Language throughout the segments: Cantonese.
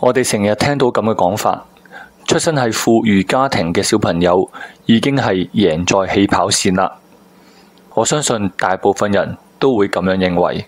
我哋成日聽到咁嘅講法，出身係富裕家庭嘅小朋友已經係贏在起跑線啦。我相信大部分人都會咁樣認為，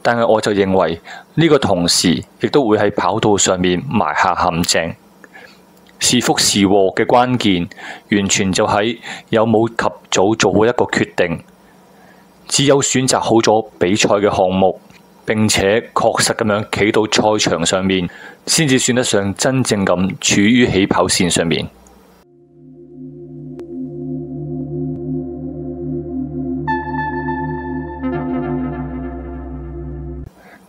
但係我就認為呢個同時亦都會喺跑道上面埋下陷阱。是福是禍嘅關鍵，完全就喺有冇及早做好一個決定。只有選擇好咗比賽嘅項目，並且確實咁樣企到賽場上面，先至算得上真正咁處於起跑線上面。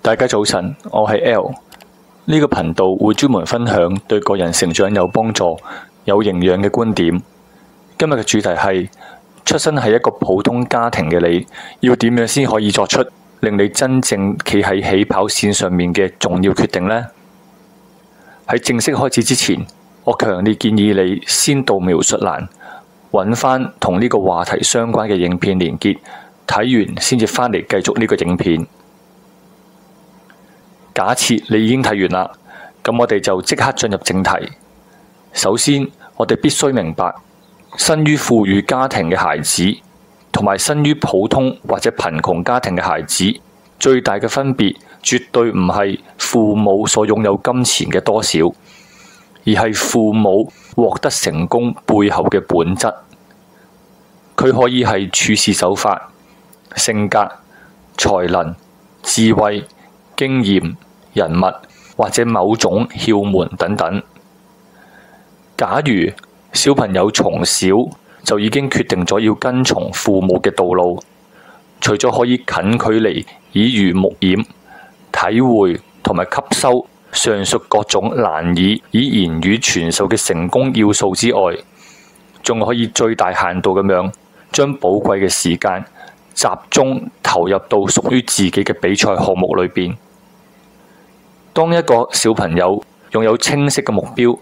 大家早晨，我係 L 呢個頻道會專門分享對個人成長有幫助、有營養嘅觀點。今日嘅主題係：出生係一個普通家庭嘅你，要點樣先可以作出？令你真正企喺起跑線上面嘅重要決定呢，喺正式開始之前，我強烈建議你先到描述欄揾翻同呢個話題相關嘅影片連結，睇完先至翻嚟繼續呢個影片。假設你已經睇完啦，咁我哋就即刻進入正題。首先，我哋必須明白，生於富裕家庭嘅孩子。同埋生於普通或者貧窮家庭嘅孩子，最大嘅分別，絕對唔係父母所擁有金錢嘅多少，而係父母獲得成功背後嘅本質。佢可以係處事手法、性格、才能、智慧、經驗、人物或者某種竅門等等。假如小朋友從小就已經決定咗要跟從父母嘅道路，除咗可以近距離耳濡目染、體會同埋吸收上述各種難以以言語傳授嘅成功要素之外，仲可以最大限度咁樣將寶貴嘅時間集中投入到屬於自己嘅比賽項目裏邊。當一個小朋友擁有清晰嘅目標、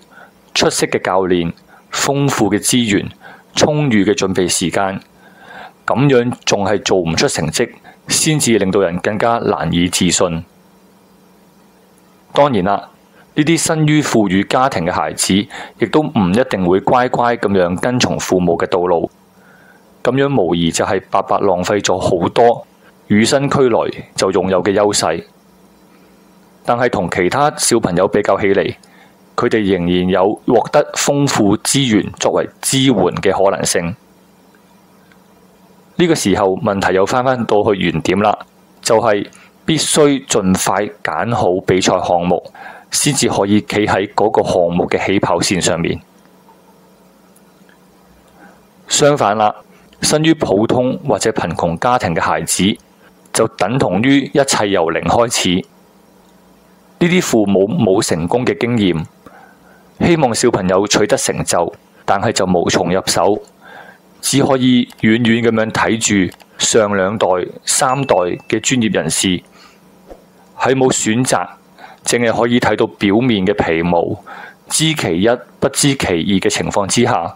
出色嘅教練、豐富嘅資源、充裕嘅準備時間，咁樣仲係做唔出成績，先至令到人更加難以置信。當然啦，呢啲生於富裕家庭嘅孩子，亦都唔一定會乖乖咁樣跟從父母嘅道路。咁樣無疑就係白白浪費咗好多與生俱來就擁有嘅優勢。但係同其他小朋友比較起嚟，佢哋仍然有獲得豐富資源作為支援嘅可能性。呢個時候問題又返返到去原點啦，就係必須盡快揀好比賽項目，先至可以企喺嗰個項目嘅起跑線上面。相反啦，生於普通或者貧窮家庭嘅孩子，就等同於一切由零開始。呢啲父母冇成功嘅經驗。希望小朋友取得成就，但係就無從入手，只可以遠遠咁樣睇住上兩代、三代嘅專業人士，喺冇選擇，淨係可以睇到表面嘅皮毛，知其一不知其二嘅情況之下，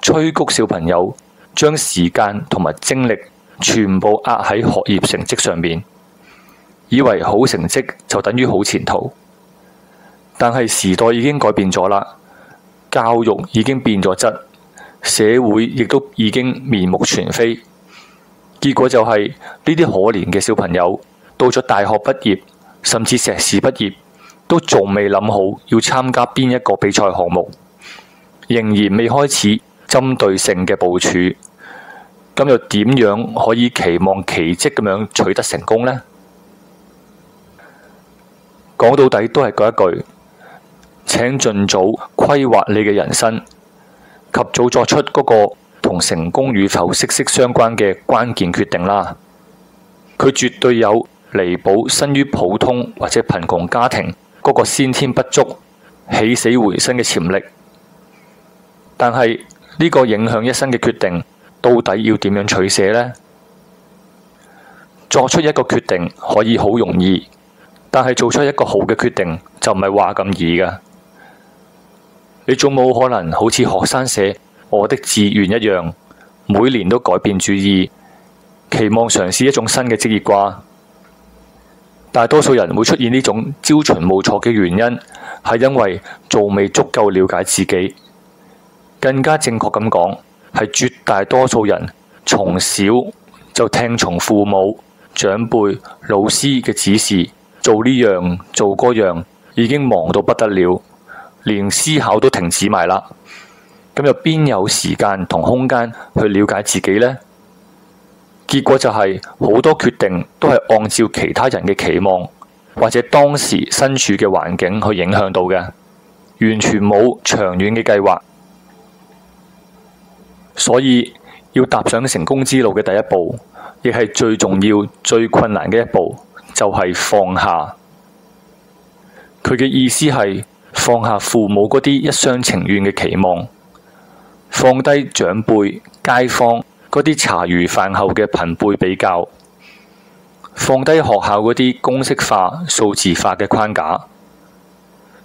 催谷小朋友將時間同埋精力全部壓喺學業成績上面，以為好成績就等於好前途。但係時代已經改變咗啦，教育已經變咗質，社會亦都已經面目全非。結果就係呢啲可憐嘅小朋友，到咗大學畢業，甚至碩士畢業，都仲未諗好要參加邊一個比賽項目，仍然未開始針對性嘅部署，咁又點樣可以期望奇跡咁樣取得成功呢？講到底都係嗰一句。請盡早規劃你嘅人生，及早作出嗰個同成功與否息息相關嘅關鍵決定啦。佢絕對有彌補生於普通或者貧窮家庭嗰個先天不足、起死回生嘅潛力。但係呢、呢個影響一生嘅決定，到底要點樣取捨呢？作出一個決定可以好容易，但係做出一個好嘅決定就唔係話咁易㗎。你仲冇可能好似學生寫我的志願一樣，每年都改變主意，期望嘗試一種新嘅職業啩？大多數人會出現呢種朝秦暮楚嘅原因，係因為仲未足夠了解自己。更加正確咁講，係絕大多數人從小就聽從父母、長輩、老師嘅指示，做呢樣做嗰樣，已經忙到不得了。連思考都停止埋啦，咁又邊有時間同空間去了解自己呢？結果就係、是、好多決定都係按照其他人嘅期望或者當時身處嘅環境去影響到嘅，完全冇長遠嘅計劃。所以要踏上成功之路嘅第一步，亦係最重要、最困難嘅一步，就係、是、放下。佢嘅意思係。放下父母嗰啲一廂情願嘅期望，放低長輩、街坊嗰啲茶餘飯後嘅貧富比較，放低學校嗰啲公式化、數字化嘅框架，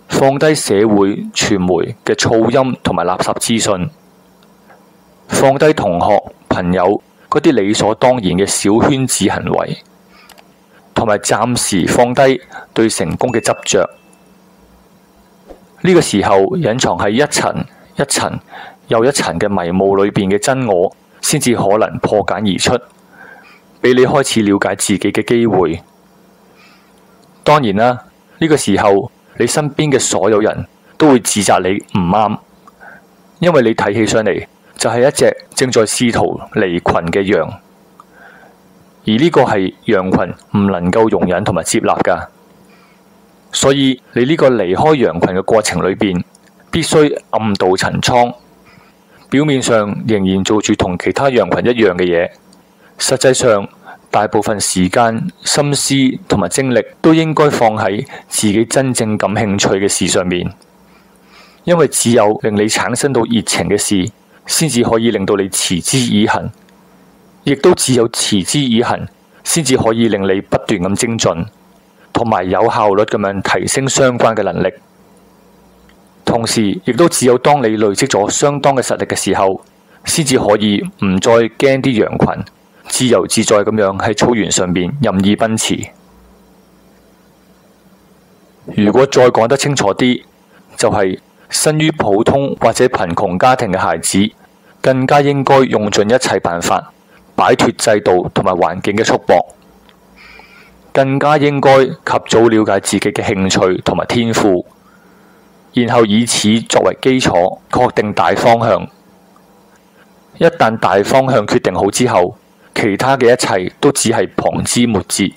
放低社會傳媒嘅噪音同埋垃圾資訊，放低同學朋友嗰啲理所當然嘅小圈子行為，同埋暫時放低對成功嘅執着。呢個時候，隱藏喺一層一層又一層嘅迷霧裏邊嘅真我，先至可能破繭而出，俾你開始了解自己嘅機會。當然啦，呢、這個時候，你身邊嘅所有人都會指責你唔啱，因為你睇起上嚟就係、是、一隻正在試圖離群嘅羊，而呢個係羊群唔能夠容忍同埋接納㗎。所以你呢個離開羊群嘅過程裏邊，必須暗度陳倉，表面上仍然做住同其他羊群一樣嘅嘢，實際上大部分時間、心思同埋精力都應該放喺自己真正感興趣嘅事上面，因為只有令你產生到熱情嘅事，先至可以令到你持之以恆，亦都只有持之以恆，先至可以令你不斷咁精進。同埋有效率咁樣提升相關嘅能力，同時亦都只有當你累積咗相當嘅實力嘅時候，先至可以唔再驚啲羊群，自由自在咁樣喺草原上面任意奔馳。如果再講得清楚啲，就係生於普通或者貧窮家庭嘅孩子，更加應該用盡一切辦法擺脱制度同埋環境嘅束縛。更加應該及早了解自己嘅興趣同埋天賦，然後以此作為基礎，確定大方向。一旦大方向決定好之後，其他嘅一切都只係旁枝末節，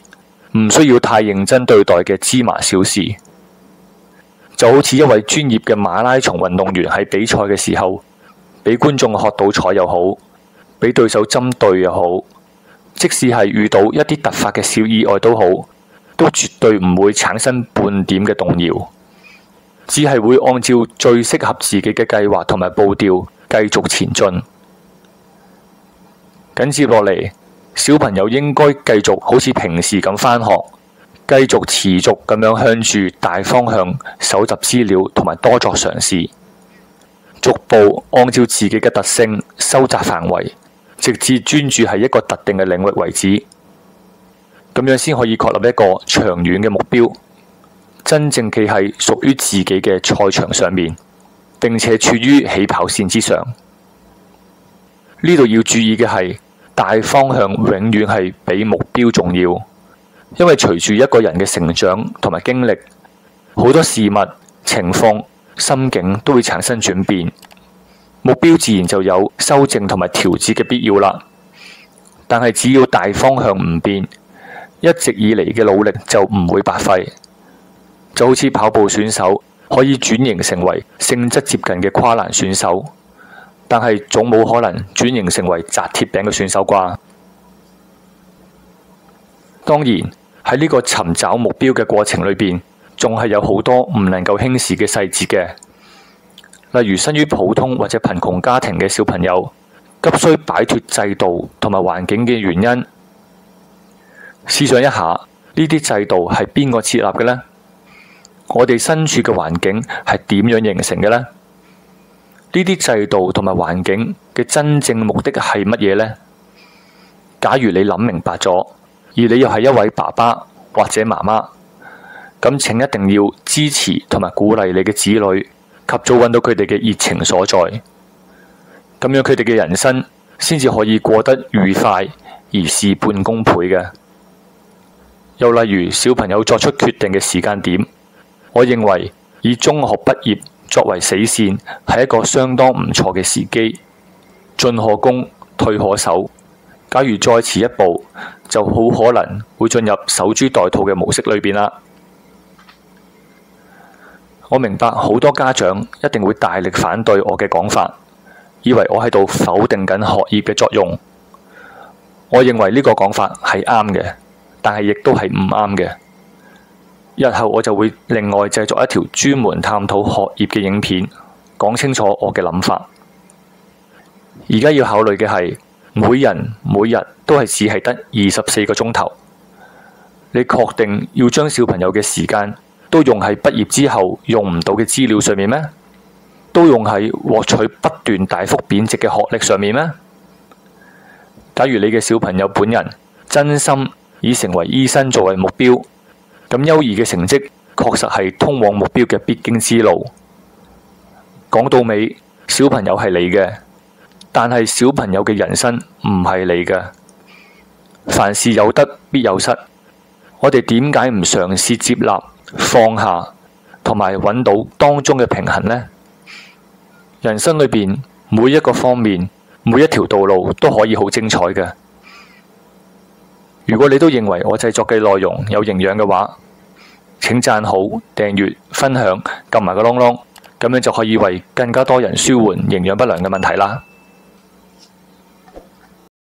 唔需要太認真對待嘅芝麻小事。就好似一位專業嘅馬拉松運動員喺比賽嘅時候，俾觀眾喝倒彩又好，俾對手針對又好。即使係遇到一啲突發嘅小意外都好，都絕對唔會產生半點嘅動搖，只係會按照最適合自己嘅計劃同埋步調繼續前進。緊接落嚟，小朋友應該繼續好似平時咁返學，繼續持續咁樣向住大方向搜集資料同埋多作嘗試，逐步按照自己嘅特性收窄範圍。直至專注喺一個特定嘅領域為止，咁樣先可以確立一個長遠嘅目標，真正企喺屬於自己嘅賽場上面，並且處於起跑線之上。呢度要注意嘅係，大方向永遠係比目標重要，因為隨住一個人嘅成長同埋經歷，好多事物、情況、心境都會產生轉變。目標自然就有修正同埋調節嘅必要啦，但係只要大方向唔變，一直以嚟嘅努力就唔會白費。就好似跑步選手可以轉型成為性質接近嘅跨欄選手，但係總冇可能轉型成為砸鐵餅嘅選手啩。當然喺呢個尋找目標嘅過程裏邊，仲係有好多唔能夠輕視嘅細節嘅。例如，生於普通或者貧窮家庭嘅小朋友，急需擺脫制度同埋環境嘅原因。試想一下，呢啲制度係邊個設立嘅呢？我哋身處嘅環境係點樣形成嘅呢？呢啲制度同埋環境嘅真正目的係乜嘢呢？假如你諗明白咗，而你又係一位爸爸或者媽媽，咁請一定要支持同埋鼓勵你嘅子女。及早揾到佢哋嘅熱情所在，咁樣佢哋嘅人生先至可以過得愉快而事半功倍嘅。又例如小朋友作出決定嘅時間點，我認為以中學畢業作為死線，係一個相當唔錯嘅時機，進可攻，退可守。假如再遲一步，就好可能會進入守株待兔嘅模式裏邊啦。我明白好多家長一定會大力反對我嘅講法，以為我喺度否定緊學業嘅作用。我認為呢個講法係啱嘅，但係亦都係唔啱嘅。日後我就會另外製作一條專門探討學業嘅影片，講清楚我嘅諗法。而家要考慮嘅係每人每日都係只係得二十四個鐘頭，你確定要將小朋友嘅時間，都用喺畢業之後用唔到嘅資料上面咩？都用喺獲取不斷大幅貶值嘅學歷上面咩？假如你嘅小朋友本人真心以成為醫生作為目標，咁優異嘅成績確實係通往目標嘅必經之路。講到尾，小朋友係你嘅，但係小朋友嘅人生唔係你嘅。凡事有得必有失，我哋點解唔嘗試接納？放下，同埋揾到當中嘅平衡呢。人生裏邊每一個方面，每一條道路都可以好精彩嘅。如果你都認為我製作嘅內容有營養嘅話，請讚好、訂閱、分享、撳埋個窿窿，咁樣就可以為更加多人舒緩營養不良嘅問題啦。